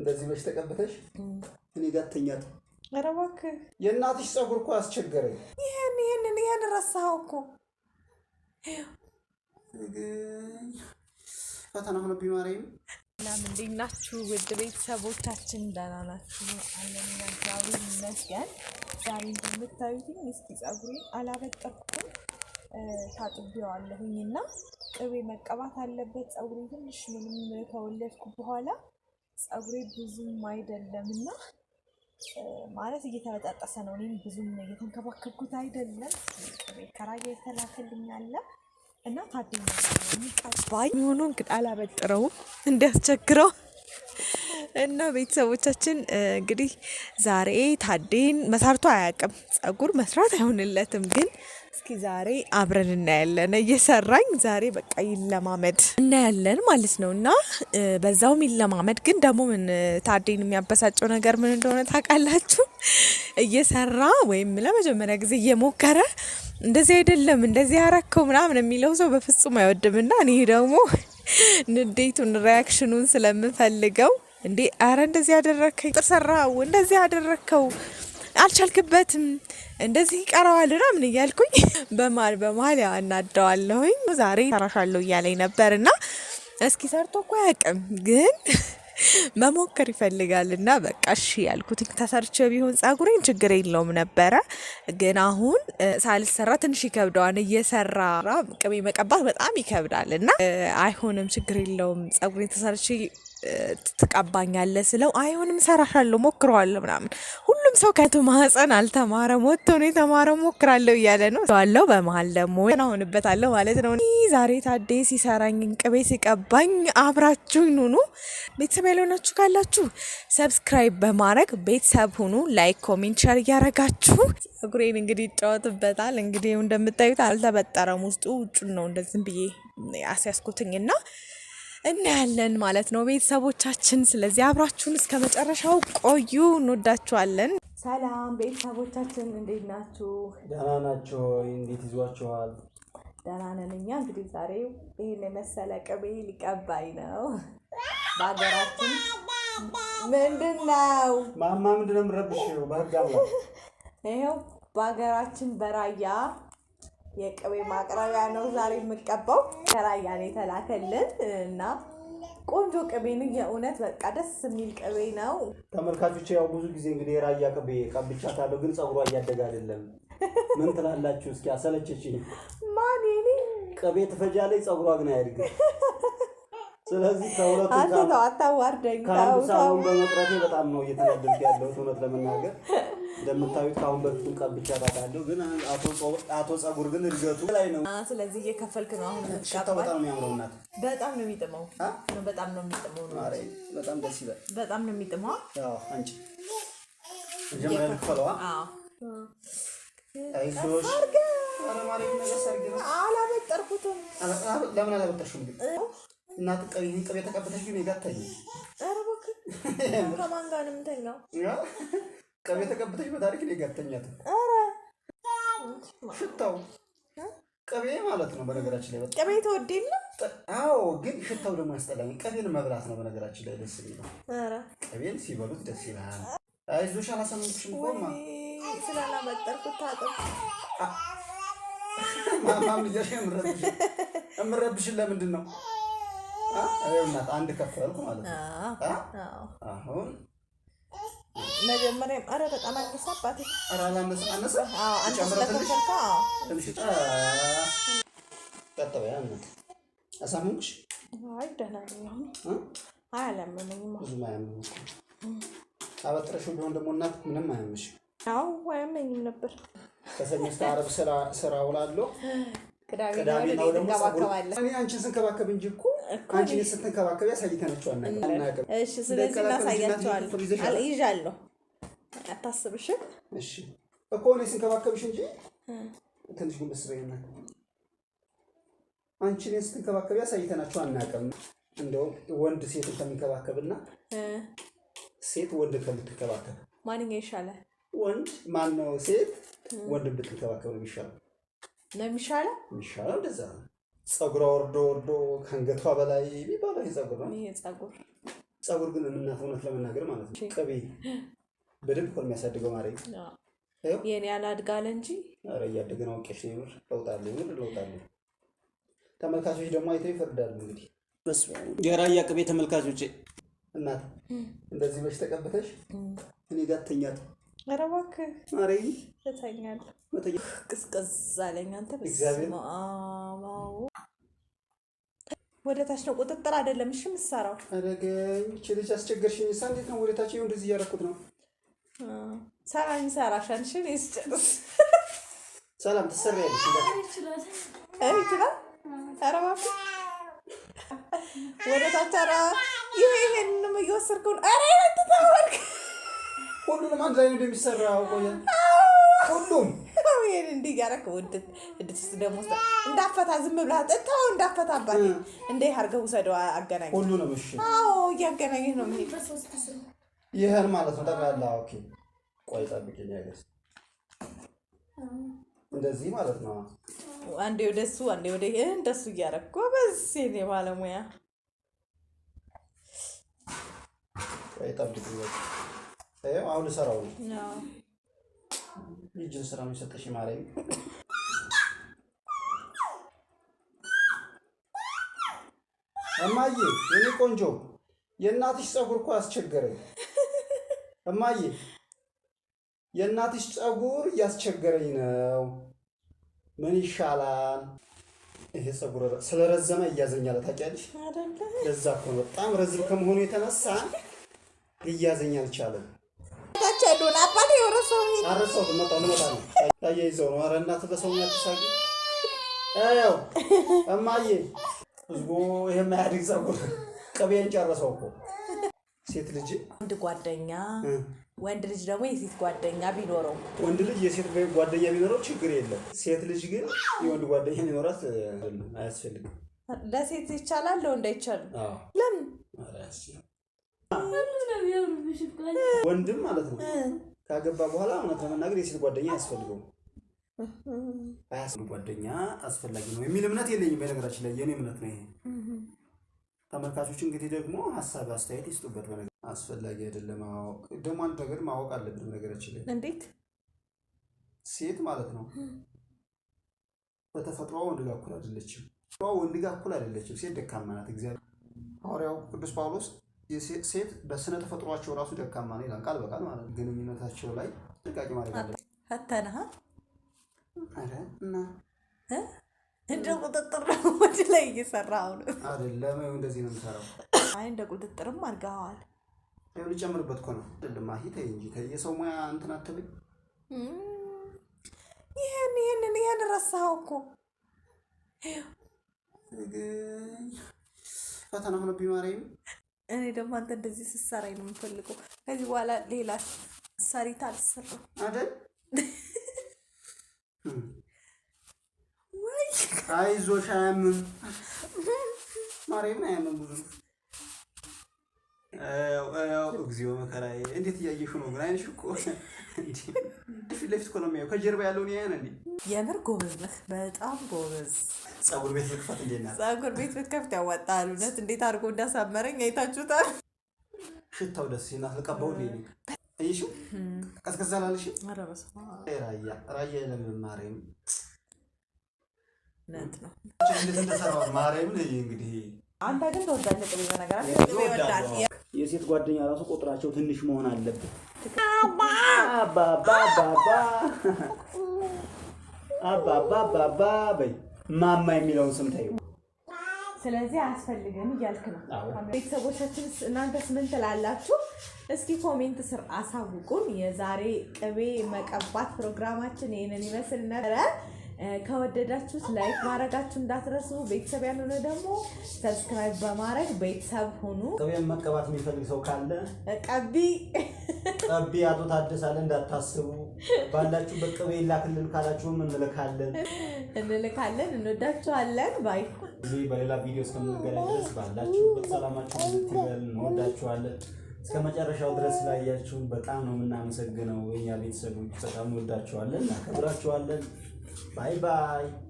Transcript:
እንደዚህ በሽ ተቀበተሽ እኔ ጋር ተኛት። ኧረ እባክህ የእናትሽ ፀጉር እኮ አስቸገረ። ይህን ይህንን ይህን ረሳኸው እኮ ፈተና ሆነ ቢማሪም እናም እንዴት ናችሁ ውድ ቤተሰቦቻችን? ደህና ናችሁ አለን። እግዚአብሔር ይመስገን። ዛሬ እንደምታዩትኝ እስኪ ፀጉሬን አላበጠርኩም ታጥቤዋለሁኝ እና ቅቤ መቀባት አለበት ፀጉሬ ትንሽ ምንም ከወለድኩ በኋላ ጸጉሬ ብዙም አይደለም እና ማለት እየተበጣጠሰ ነው። እኔም ብዙም እየተንከባከብኩት አይደለም። ከራያ የተላከልኛለ እና ታደኛ የሚቀባኝ ሆኖ እንግዲህ አላበጥረውም እንዲያስቸግረው እና ቤተሰቦቻችን እንግዲህ ዛሬ ታዴን መሰርቶ አያውቅም። ፀጉር መስራት አይሆንለትም ግን እስኪ ዛሬ አብረን እናያለን። እየሰራኝ ዛሬ በቃ ይለማመድ እናያለን ማለት ነው እና በዛውም ይለማመድ። ግን ደግሞ ምን ታዴን የሚያበሳጨው ነገር ምን እንደሆነ ታውቃላችሁ? እየሰራ ወይም ለመጀመሪያ ጊዜ እየሞከረ እንደዚህ አይደለም እንደዚህ ያረከው ምናምን የሚለው ሰው በፍጹም አይወድምና እኔ ደግሞ ንዴቱን ሪያክሽኑን ስለምፈልገው እንዴ አረ እንደዚህ ያደረከኝ ጥር ሰራው እንደዚህ ያደረከው አልቻልክበትም እንደዚህ ይቀረዋል ና ምን እያልኩኝ በማል በማል አናደዋለሁኝ። ዛሬ ሰራሻለሁ እያለኝ ነበር እና እስኪ ሰርቶ እኮ አያውቅም ግን መሞከር ይፈልጋል እና በቃ እሺ ያልኩት ተሰርቼ ቢሆን ጸጉሬን ችግር የለውም ነበረ። ግን አሁን ሳልሰራ ትንሽ ይከብደዋል። እየሰራ ቅቤ መቀባት በጣም ይከብዳል እና አይሆንም፣ ችግር የለውም ጸጉሬን ተሰርቼ ትቀባኛለህ ስለው አይሆንም፣ ሰራሻለሁ፣ ሞክረዋለሁ ምናምን። ሁሉም ሰው ከቱ ማህፀን አልተማረም ወጥቶ ነው የተማረው፣ ሞክራለሁ እያለ ነው ዋለው። በመሀል ደግሞ ሆንበታለሁ ማለት ነው። ዛሬ ታዴ ሲሰራኝ እንቅቤ ሲቀባኝ አብራችሁኝ ሁኑ። ቤተሰብ ያልሆናችሁ ካላችሁ ሰብስክራይብ በማድረግ ቤተሰብ ሁኑ። ላይክ፣ ኮሜንት፣ ሸር እያረጋችሁ ጸጉሬን እንግዲህ ይጫወትበታል። እንግዲህ እንደምታዩት አልተበጠረም፣ ውስጡ ውጩን ነው እንደዚህም ብዬ አስያዝኩትኝ እናያለን ማለት ነው ቤተሰቦቻችን። ስለዚህ አብራችሁን እስከ መጨረሻው ቆዩ፣ እንወዳችኋለን። ሰላም ቤተሰቦቻችን፣ እንዴት ናችሁ? ደህና ናቸው? እንዴት ይዟችኋል? ደህና ነን እኛ። እንግዲህ ዛሬ ይህን የመሰለ ቅቤ ሊቀባይ ነው በሀገራችን። ምንድን ነው ማማ? ምንድን ነው የምረብሽ ነው? ይኸው በሀገራችን በራያ የቅቤ ማቅረቢያ ነው ዛሬ የምቀባው ይከራያል የተላከልን እና ቆንጆ ቅቤ ነው የእውነት በቃ ደስ የሚል ቅቤ ነው። ተመልካቾች ያው ብዙ ጊዜ እንግዲህ የራያ ቅቤ ቀብቻታለሁ፣ ግን ፀጉሯ እያደገ አይደለም። ምን ትላላችሁ? እስኪ አሰለቸችኝ። ማን ኔ ቅቤ ትፈጃለች፣ ፀጉሯ ግን አያድግም። ስለዚህ ከሁለቱ አታዋርደኝ። ከአንዱ ሳሁን በመቅረቴ በጣም ነው እየተናደድኩ ያለሁት እውነት ለመናገር እንደምታዩት ከአሁን በፊትም ቀብቻ ባታለሁ፣ ግን አቶ ጸጉር ግን እድገቱ ላይ ነው። ስለዚህ እየከፈልክ ነው። አሁን ሽታው በጣም የሚያምረው። እናት በጣም ነው የሚጥመው፣ በጣም ነው የሚጥመው። ነው በጣም ደስ ይላል። በጣም ነው የሚጥመው። አንቺ መጀመሪያ ልክፈለዋ። አይዞሽ አላበጠርኩትም። ለምን አላበጠርሽም? እናት ይህን ቅቤ ተቀብተሽ ግን የጋታኝ ከማን ጋር ነው የምተኛው? ቅቤ ተቀብተሽ በታሪክ ነው ጋር ኧረ ሽታው ቅቤ ማለት ነው። በነገራችን ላይ ቅቤ ተወዴ ነው። አዎ፣ ግን ሽታው ደግሞ ያስጠላኝ። ቅቤን መብላት ነው በነገራችን ላይ ደስ የሚለው። ቅቤን ሲበሉት ደስ ይላል። አይዞሽ አላሰምኩሽም እኮ ስላላበጠርኩት ታጥብ ማማም እያልሽ የምረብሽን ለምንድን ነው? እናት አንድ ከፍ ከፈልኩ ማለት ነው አሁን መጀመሪያም ኧረ በጣም አነሳ አባቴ። አዎ አሳመንኩሽ። አይ ደህና ነኝ አይ አላመመኝም። ብዙም አያመኝም። አበጥረሽው ቢሆን ደግሞ እናት ምንም አያመሽ። አዎ አያመኝም ነበር። ከሰኞ እስከ ዓርብ ስራ ስራ ውላለሁ። ቅዳሜ ነው ደግሞ አንቺን ስንከባከብ እንጂ እኮ አንቺን ስትንከባከብ ያሳይተናቸዋል። እሺ፣ ስለዚህ እናሳያቸዋል። ይዣለሁ አታስብሽ እሺ እኮ እኔ ስንከባከብሽ እንጂ ትንሽ ጉንበስ በይና አንቺ እኔን ስትንከባከቢ ያሳይተናቸው አናውቅም። እንደውም ወንድ ሴትን ከሚንከባከብና ሴት ወንድ ከምትንከባከብ ማንኛው ይሻላል? ወንድ ማነው? ሴት ወንድ ብትንከባከብ ነው የሚሻለው። ነው የሚሻለው የሚሻለው እንደዛ ነው። ፀጉሯ ወርዶ ወርዶ ከአንገቷ በላይ የሚባለው ይሄ ፀጉር ነው። ይሄ ፀጉር ፀጉር ግን የምናት እውነት ለመናገር ማለት ነው ቅቤ በደንብ እኮ የሚያሳድገው ማለት የኔ አላድጋለ እንጂ ኧረ እያደገ ነው። ቄሽ ምር ለውጣለ ምር ለውጣለ ተመልካቾች ደግሞ አይተው ይፈርዳሉ። እንግዲህ የራያ ቅቤ ተመልካቾች እናት እንደዚህ በሽ ተቀብተሽ እኔ ጋር ተኛት። ኧረ እባክህ ኧረ እተኛለሁ። ቅዝቅዝ አለኝ። አንተ በስመ አብ ወደ ታች ነው ቁጥጥር አይደለም። እሺ የምትሰራው አደገኝ። ችልጅ ልጅ አስቸገርሽኝ። እሷ እንዴት ነው ወደ ታች? እንደዚህ እያረኩት ነው ሰላም ይሰራሻል። እሺ ይስጨርስ። ሰላም ትሰሪያለሽ። ይችላል ይችላል። ኧረ እባክህ ወደ ታች። ይሄ ይሄን እየወሰድከው ነው። ኧረ ይሄን ትተዋልክ። ሁሉንም አንድ ላይ ነው የሚሰራው። ቆይ ሁሉም ይሄን እንዲህ እያደረክ ውድት ውድት ደግሞ እንዳፈታ ዝም ብላ ብለህ እንዳፈታ አባቴ እንደ አድርገህ ውሰደው። አገናኝ ሁሉንም። እሺ አዎ እያገናኘህ ነው የሚሄድ ይህን ማለት ነው ጠቅላላ። ኦኬ ቆይ ጠብቂኝ፣ አይደስ እንደዚህ ማለት ነው። አንዴ ወደ እሱ አንዴ ወደ ይሄ እንደሱ እያደረግ በዚህ የእኔ ባለሙያ። ቆይ ጠብቂኝ፣ ይኸው አሁን ልሰራው ነው። ይጅን ስራ ነው የሰጠሽ ማርያም እማዬ፣ የኔ ቆንጆ የእናትሽ ፀጉር እኮ አስቸገረኝ። እማዬ የእናትሽ ፀጉር እያስቸገረኝ ነው፣ ምን ይሻላል? ይሄ ፀጉር ስለረዘመ እያዘኛለ ታውቂያለሽ ለዛ እኮ ነው በጣም ረዝም ከመሆኑ የተነሳ እያዘኝ አልቻለም። ታቻሉና አባቴ ወረሰው አረሰው ተመጣ ለማታ ነው ታየይዘው ነው። ኧረ እናት በሰው ያትሳቂ አዩ እማዬ፣ ህዝቡ ይሄ የማያድግ ፀጉር ቅቤን ጨረሰው እኮ ሴት ልጅ ወንድ ጓደኛ ወንድ ልጅ ደግሞ የሴት ጓደኛ ቢኖረው ወንድ ልጅ የሴት ጓደኛ ቢኖረው ችግር የለም። ሴት ልጅ ግን የወንድ ጓደኛ ሊኖራት አያስፈልግም። ለሴት ይቻላል፣ ለወንድ አይቻልም። ለምን? ወንድም ማለት ነው ካገባ በኋላ እውነት ለመናገር የሴት ጓደኛ አያስፈልገውም። ጓደኛ አስፈላጊ ነው የሚል እምነት የለኝም። በነገራችን ላይ የኔ እምነት ነው ይሄ ተመልካቾች እንግዲህ ደግሞ ሀሳብ አስተያየት ይስጡበት። በነገር አስፈላጊ አይደለም። ደግሞ አንድ ነገር ማወቅ አለብን። በነገራችን ላይ እንዴት ሴት ማለት ነው በተፈጥሮ ወንድ ጋር እኩል አይደለችም። ወንድ ጋር እኩል አይደለችም። ሴት ደካማ ናት። እግዚአብሔር ሐዋርያው ቅዱስ ጳውሎስ ሴት በስነ ተፈጥሯቸው ራሱ ደካማ ነው ይላል፣ ቃል በቃል ማለት ነው። ግንኙነታቸው ላይ ጥንቃቄ ማድረግ አለ። እንደ ቁጥጥር ወደ ላይ እየሰራ አሁን አይደለም። እንደዚህ ነው የምሰራው። አይ እንደ ቁጥጥርም አድርገዋል። ልጨምርበት እኮ ነው። ማሂ ተይ እንጂ የሰው ሙያ እንትን አትበይ። ይህን ይህንን ይህን ረሳኸው እኮ ፈተና ሆነ ማርያም። እኔ ደግሞ አንተ እንደዚህ ስትሰራኝ ነው የምፈልገው። ከዚህ በኋላ ሌላ ሰሪታ አልሰራም አይደል አይዞሽ አያምም፣ ማርያምን አያምም። ብዙ እግዚኦ መከራዬ! እንዴት እያየሹ ነው? ግን አይንሽ እኮ ፊት ለፊት እኮ ነው የሚያዩ። ከጀርባ ያለውን ያያን እንዴ! የምር ጎበዝ ነህ፣ በጣም ጎበዝ። ጸጉር ቤት ብትከፍት እንዴት ናት? ጸጉር ቤት ብትከፍት ያዋጣል። እውነት እንዴት አድርጎ እንዳሳመረኝ አይታችሁታል። ሽታው ደስ ሲናት ልቀባው ሌ ይሹ ቀዝቀዝ ራያ ራያ ለምን ማርያም እውነት ነው። አንተ ግን ትወዳለህ ቅቤ በነገራችን የሴት ጓደኛ ራሱ ቁጥራቸው ትንሽ መሆን አለብን። አባባባባ በይ ማማ የሚለውን ስም ተይው። ስለዚህ አያስፈልግም እያልክ ነው። ቤተሰቦቻችን እናንተስ ምን ትላላችሁ? እስኪ ኮሜንት ስር አሳውቁን። የዛሬ ቅቤ መቀባት ፕሮግራማችን ይህንን ይመስል ነበረ። ከወደዳችሁት ላይክ ማድረጋችሁ እንዳትረሱ። ቤተሰብ ያልሆነ ደግሞ ሰብስክራይብ በማድረግ ቤተሰብ ሁኑ። ቅቤም መቀባት የሚፈልግ ሰው ካለ ቀቢ ቀቢ አቶ ታደሰ አለ እንዳታስቡ። ባላችሁ በቅቤ ላክልን ካላችሁም እንልካለን እንልካለን። እንወዳችኋለን። ባይ እዚህ በሌላ ቪዲዮ እስከምንገናኝ ድረስ ባላችሁ በሰላማችሁ ትበል። እንወዳችኋለን። እስከ መጨረሻው ድረስ ስላያችሁን በጣም ነው የምናመሰግነው። የኛ ቤተሰቦች በጣም እንወዳችኋለን፣ እናከብራችኋለን። Bye-bye.